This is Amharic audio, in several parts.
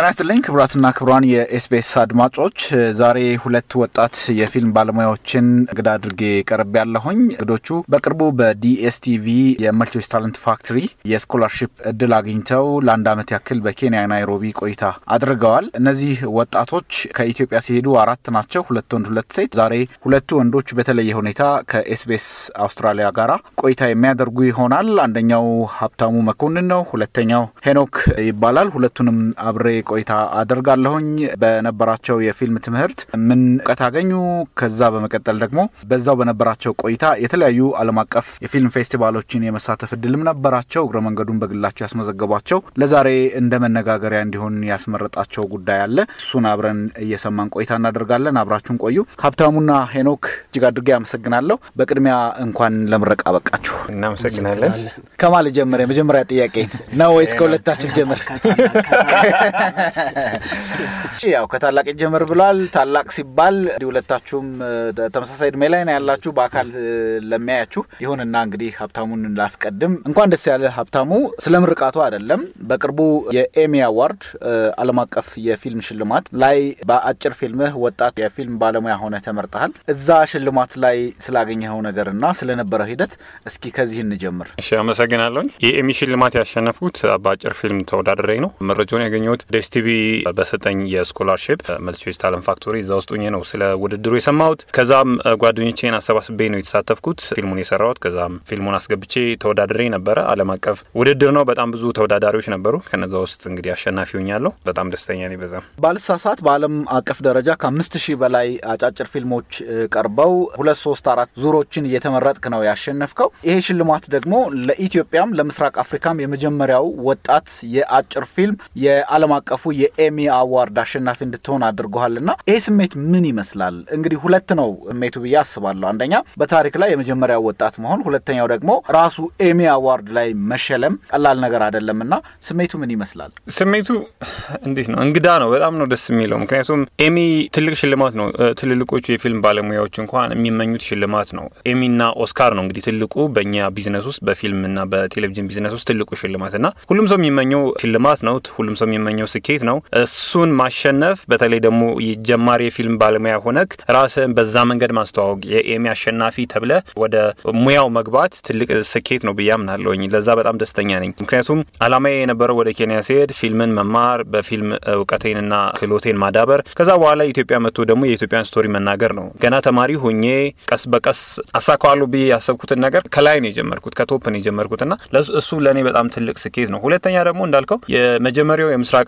ጤና ይስጥልኝ ክቡራትና ክቡራን የኤስቢኤስ አድማጮች፣ ዛሬ ሁለት ወጣት የፊልም ባለሙያዎችን እንግዳ አድርጌ ቀርብ ያለሁኝ። እንግዶቹ በቅርቡ በዲኤስቲቪ የመልቾች ታለንት ፋክትሪ የስኮላርሺፕ እድል አግኝተው ለአንድ ዓመት ያክል በኬንያ ናይሮቢ ቆይታ አድርገዋል። እነዚህ ወጣቶች ከኢትዮጵያ ሲሄዱ አራት ናቸው፣ ሁለት ወንድ ሁለት ሴት። ዛሬ ሁለቱ ወንዶች በተለየ ሁኔታ ከኤስቢኤስ አውስትራሊያ ጋር ቆይታ የሚያደርጉ ይሆናል። አንደኛው ሀብታሙ መኮንን ነው፣ ሁለተኛው ሄኖክ ይባላል። ሁለቱንም አብሬ ቆይታ አደርጋለሁኝ። በነበራቸው የፊልም ትምህርት ምን እውቀት አገኙ? ከዛ በመቀጠል ደግሞ በዛው በነበራቸው ቆይታ የተለያዩ ዓለም አቀፍ የፊልም ፌስቲቫሎችን የመሳተፍ እድልም ነበራቸው። እግረ መንገዱን በግላቸው ያስመዘገቧቸው ለዛሬ እንደ መነጋገሪያ እንዲሆን ያስመረጣቸው ጉዳይ አለ። እሱን አብረን እየሰማን ቆይታ እናደርጋለን። አብራችሁን ቆዩ። ሀብታሙና ሄኖክ እጅግ አድርጌ አመሰግናለሁ። በቅድሚያ እንኳን ለምረቃ በቃችሁ። እናመሰግናለን። ከማል ጀምር? የመጀመሪያ ጥያቄ ነው ወይስ ከሁለታችሁ ጀምር? ያው ከታላቅ ጀምር ብሏል። ታላቅ ሲባል እንዲህ ሁለታችሁም ተመሳሳይ እድሜ ላይ ነው ያላችሁ በአካል ለሚያያችሁ። ይሁንና እንግዲህ ሀብታሙን ላስቀድም። እንኳን ደስ ያለ ሀብታሙ። ስለ ምርቃቱ አይደለም፣ በቅርቡ የኤሚ አዋርድ ዓለም አቀፍ የፊልም ሽልማት ላይ በአጭር ፊልምህ ወጣት የፊልም ባለሙያ ሆነ ተመርጠሃል። እዛ ሽልማት ላይ ስላገኘኸው ነገርና ስለነበረው ሂደት እስኪ ከዚህ እንጀምር። አመሰግናለሁኝ። የኤሚ ሽልማት ያሸነፉት በአጭር ፊልም ተወዳድሬ ነው። መረጃውን ያገኘሁት ደስቲቪ በሰጠኝ የስኮላርሽፕ መልስ ታለም ፋክቶሪ እዛ ውስጡ ነው ስለ ውድድሩ የሰማሁት። ከዛም ጓደኞቼን አሰባስቤ ነው የተሳተፍኩት ፊልሙን የሰራሁት። ከዛም ፊልሙን አስገብቼ ተወዳድሬ ነበረ። አለም አቀፍ ውድድር ነው። በጣም ብዙ ተወዳዳሪዎች ነበሩ። ከነዛ ውስጥ እንግዲህ አሸናፊ ሆኛለሁ። በጣም ደስተኛ ነኝ። በዛም ባልሳሳት በአለም አቀፍ ደረጃ ከአምስት ሺህ በላይ አጫጭር ፊልሞች ቀርበው ሁለት ሶስት አራት ዙሮችን እየተመረጥክ ነው ያሸነፍከው። ይሄ ሽልማት ደግሞ ለኢትዮ ለኢትዮጵያም ለምስራቅ አፍሪካም የመጀመሪያው ወጣት የአጭር ፊልም የዓለም አቀፉ የኤሚ አዋርድ አሸናፊ እንድትሆን እና ይሄ ስሜት ምን ይመስላል? እንግዲህ ሁለት ነው ስሜቱ ብዬ አስባለሁ። አንደኛ በታሪክ ላይ የመጀመሪያው ወጣት መሆን፣ ሁለተኛው ደግሞ ራሱ ኤሚ አዋርድ ላይ መሸለም ቀላል ነገር አይደለም እና ስሜቱ ምን ይመስላል? ስሜቱ እንዴት ነው? እንግዳ ነው። በጣም ነው ደስ የሚለው። ምክንያቱም ኤሚ ትልቅ ሽልማት ነው። ትልልቆቹ የፊልም ባለሙያዎች እንኳን የሚመኙት ሽልማት ነው። ኤሚና ኦስካር ነው እንግዲህ ትልቁ በእኛ ቢዝነስ ውስጥ በፊልምና በቴሌቪዥን ቢዝነስ ውስጥ ትልቁ ሽልማት ና ሁሉም ሰው የሚመኘው ሽልማት ነው። ሁሉም ሰው የሚመኘው ስኬት ነው። እሱን ማሸነፍ በተለይ ደግሞ ጀማሪ የፊልም ባለሙያ ሆነክ ራስን በዛ መንገድ ማስተዋወቅ የኤሚ አሸናፊ ተብለ ወደ ሙያው መግባት ትልቅ ስኬት ነው ብዬ አምናለሁኝ። ለዛ በጣም ደስተኛ ነኝ። ምክንያቱም አላማዬ የነበረው ወደ ኬንያ ሲሄድ ፊልምን መማር፣ በፊልም እውቀቴንና ክህሎቴን ማዳበር፣ ከዛ በኋላ ኢትዮጵያ መጥቶ ደግሞ የኢትዮጵያን ስቶሪ መናገር ነው። ገና ተማሪ ሆኜ ቀስ በቀስ አሳካዋለሁ ብዬ ያሰብኩትን ነገር ከላይ ነው የጀመርኩት፣ ከቶፕ ነው የጀመርኩት። ያደረኩት እሱ ለእኔ በጣም ትልቅ ስኬት ነው። ሁለተኛ ደግሞ እንዳልከው የመጀመሪያው የምስራቅ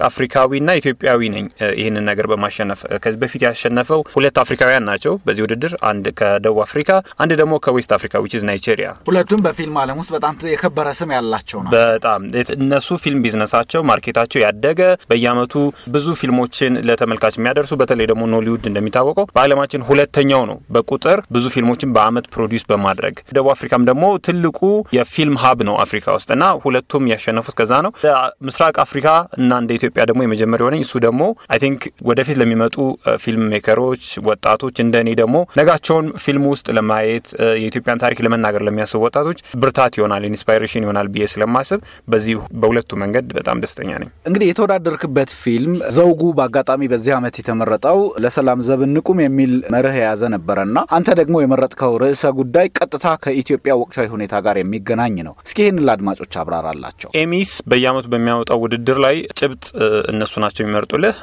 ና ኢትዮጵያዊ ነኝ ይህንን ነገር በማሸነፍ ከዚህ በፊት ያሸነፈው ሁለት አፍሪካውያን ናቸው በዚህ ውድድር፣ አንድ ከደቡብ አፍሪካ፣ አንድ ደግሞ ከዌስት አፍሪካ ዊች ኢዝ ናይጄሪያ። ሁለቱም በፊልም አለም ውስጥ በጣም የከበረ ስም ያላቸው ነው። በጣም እነሱ ፊልም ቢዝነሳቸው ማርኬታቸው ያደገ በየአመቱ ብዙ ፊልሞችን ለተመልካች የሚያደርሱ በተለይ ደግሞ ኖሊውድ እንደሚታወቀው በዓለማችን ሁለተኛው ነው በቁጥር ብዙ ፊልሞችን በአመት ፕሮዲውስ በማድረግ ደቡብ አፍሪካም ደግሞ ትልቁ የፊልም ሀብ ክለብ ነው አፍሪካ ውስጥ እና ሁለቱም ያሸነፉት ከዛ ነው። ምስራቅ አፍሪካ እና እንደ ኢትዮጵያ ደግሞ የመጀመሪያው ነኝ። እሱ ደግሞ አይ ቲንክ ወደፊት ለሚመጡ ፊልም uh, ሜከሮች ወጣቶች እንደ እኔ ደግሞ ነጋቸውን ፊልም ውስጥ ለማየት uh, የኢትዮጵያን ታሪክ ለመናገር ለሚያስቡ ወጣቶች ብርታት ይሆናል፣ ኢንስፓይሬሽን ይሆናል ብዬ ስለማስብ በዚህ በሁለቱ መንገድ በጣም ደስተኛ ነኝ። እንግዲህ የተወዳደርክበት ፊልም ዘውጉ በአጋጣሚ በዚህ ዓመት የተመረጠው ለሰላም ዘብ እንቁም የሚል መርህ የያዘ ነበረ እና አንተ ደግሞ የመረጥከው ርዕሰ ጉዳይ ቀጥታ ከኢትዮጵያ ወቅታዊ ሁኔታ ጋር የሚገናኝ ነው። እስኪ ይህን ለአድማጮች አብራራላቸው። ኤሚስ በየአመቱ በሚያወጣው ውድድር ላይ ጭብጥ እነሱ ናቸው የሚመርጡልህ።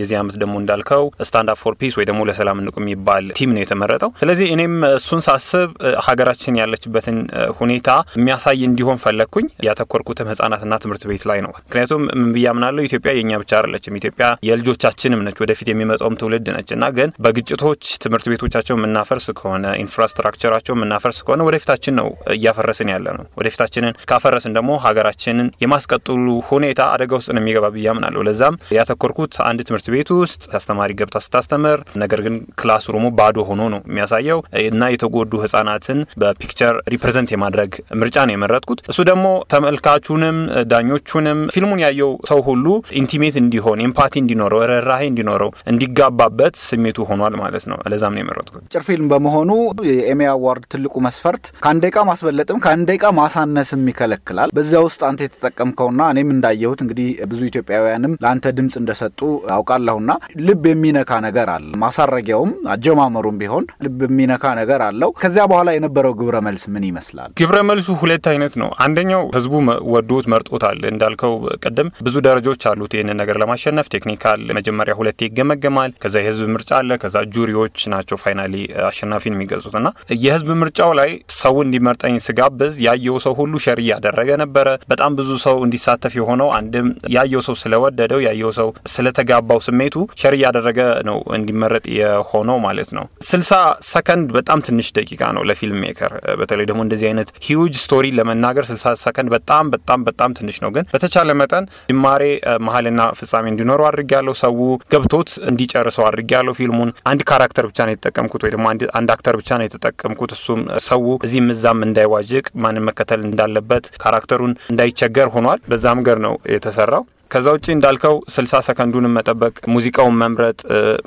የዚህ አመት ደግሞ እንዳልከው ስታንድ አፕ ፎር ፒስ ወይ ደግሞ ለሰላም ንቁ የሚባል ቲም ነው የተመረጠው። ስለዚህ እኔም እሱን ሳስብ ሀገራችን ያለችበትን ሁኔታ የሚያሳይ እንዲሆን ፈለግኩኝ። ያተኮርኩትም ህጻናትና ትምህርት ቤት ላይ ነው። ምክንያቱም ምን ብዬ አምናለሁ ኢትዮጵያ የእኛ ብቻ አይደለችም። ኢትዮጵያ የልጆቻችንም ነች፣ ወደፊት የሚመጣውም ትውልድ ነች እና ግን በግጭቶች ትምህርት ቤቶቻቸው የምናፈርስ ከሆነ ኢንፍራስትራክቸራቸው የምናፈርስ ከሆነ ወደፊታችን ነው እያፈረስን ያለ ነው በፊታችንን ካፈረስን ደግሞ ሀገራችንን የማስቀጥሉ ሁኔታ አደጋ ውስጥ ነው የሚገባ ብዬ አምናለሁ። ለዛም ያተኮርኩት አንድ ትምህርት ቤት ውስጥ አስተማሪ ገብታ ስታስተምር፣ ነገር ግን ክላስ ሩሙ ባዶ ሆኖ ነው የሚያሳየው እና የተጎዱ ህጻናትን በፒክቸር ሪፕሬዘንት የማድረግ ምርጫ ነው የመረጥኩት። እሱ ደግሞ ተመልካቹንም ዳኞቹንም ፊልሙን ያየው ሰው ሁሉ ኢንቲሜት እንዲሆን ኤምፓቲ እንዲኖረው ርህራሄ እንዲኖረው እንዲጋባበት ስሜቱ ሆኗል ማለት ነው። ለዛም ነው የመረጥኩት። ጭር ፊልም በመሆኑ የኤሚ አዋርድ ትልቁ መስፈርት ከአንድ ደቂቃ ማስበለጥም ከአንድ ደቂቃ ማሳነስም ይከለክላል። በዚያ ውስጥ አንተ የተጠቀምከውና እኔም እንዳየሁት እንግዲህ ብዙ ኢትዮጵያውያንም ለአንተ ድምፅ እንደሰጡ አውቃለሁና ልብ የሚነካ ነገር አለ። ማሳረጊያውም አጀማመሩም ቢሆን ልብ የሚነካ ነገር አለው። ከዚያ በኋላ የነበረው ግብረ መልስ ምን ይመስላል? ግብረ መልሱ ሁለት አይነት ነው። አንደኛው ህዝቡ ወዶት መርጦታል። እንዳልከው ቅድም ብዙ ደረጃዎች አሉት። ይህንን ነገር ለማሸነፍ ቴክኒካል መጀመሪያ ሁለት ይገመገማል። ከዛ የህዝብ ምርጫ አለ። ከዛ ጁሪዎች ናቸው ፋይናሊ አሸናፊን የሚገልጹት እና የህዝብ ምርጫው ላይ ሰው እንዲመርጠኝ ስጋብዝ ያየው ሰው ሁሉ ሸር እያደረገ ነበረ። በጣም ብዙ ሰው እንዲሳተፍ የሆነው አንድም ያየው ሰው ስለወደደው ያየው ሰው ስለተጋባው ስሜቱ ሸር እያደረገ ነው እንዲመረጥ የሆነው ማለት ነው። ስልሳ ሰከንድ በጣም ትንሽ ደቂቃ ነው ለፊልም ሜከር፣ በተለይ ደግሞ እንደዚህ አይነት ሂውጅ ስቶሪ ለመናገር ስልሳ ሰከንድ በጣም በጣም በጣም ትንሽ ነው። ግን በተቻለ መጠን ጅማሬ፣ መሀልና ፍጻሜ እንዲኖረው አድርግ ያለው ሰው ገብቶት እንዲጨርሰው አድርግ ያለው ፊልሙን አንድ ካራክተር ብቻ ነው የተጠቀምኩት ወይ ደግሞ አንድ አክተር ብቻ ነው የተጠቀምኩት እሱም ሰው እዚህም እዛም እንዳይዋዥቅ ማንም መከተል መከተል እንዳለበት ካራክተሩን እንዳይቸገር ሆኗል። በዛ መንገድ ነው የተሰራው። ከዛ ውጭ እንዳልከው ስልሳ ሰከንዱንም መጠበቅ፣ ሙዚቃውን መምረጥ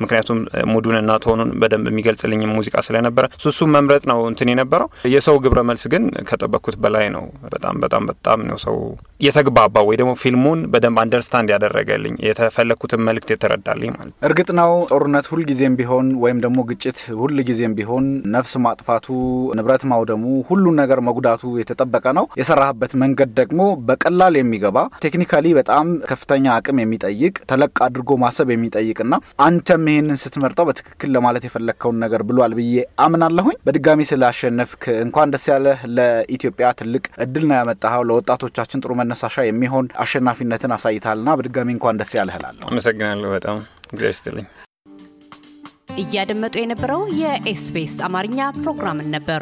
ምክንያቱም ሙዱን እና ቶኑን በደንብ የሚገልጽልኝ ሙዚቃ ስለነበረ ሱሱም መምረጥ ነው እንትን የነበረው። የሰው ግብረ መልስ ግን ከጠበቅኩት በላይ ነው። በጣም በጣም በጣም ነው ሰው የተግባባ ወይ ደግሞ ፊልሙን በደንብ አንደርስታንድ ያደረገልኝ የተፈለግኩትን መልእክት የተረዳልኝ ማለት ነው። እርግጥ ነው ጦርነት ሁልጊዜም ቢሆን ወይም ደግሞ ግጭት ሁልጊዜም ቢሆን ነፍስ ማጥፋቱ፣ ንብረት ማውደሙ፣ ሁሉን ነገር መጉዳቱ የተጠበቀ ነው። የሰራህበት መንገድ ደግሞ በቀላል የሚገባ ቴክኒካሊ በጣም ከፍተኛ አቅም የሚጠይቅ ተለቅ አድርጎ ማሰብ የሚጠይቅና አንተም ይሄንን ስትመርጠው በትክክል ለማለት የፈለግከውን ነገር ብሏል ብዬ አምናለሁኝ። በድጋሚ ስላሸነፍክ እንኳን ደስ ያለ። ለኢትዮጵያ ትልቅ እድል ነው ያመጣኸው። ለወጣቶቻችን ጥሩ መነሳሻ የሚሆን አሸናፊነትን አሳይታልና በድጋሚ እንኳን ደስ ያለህ እላለሁ። አመሰግናለሁ። በጣም እግዚአብሔር ይስጥልኝ። እያደመጡ የነበረው የኤስቢኤስ አማርኛ ፕሮግራምን ነበር።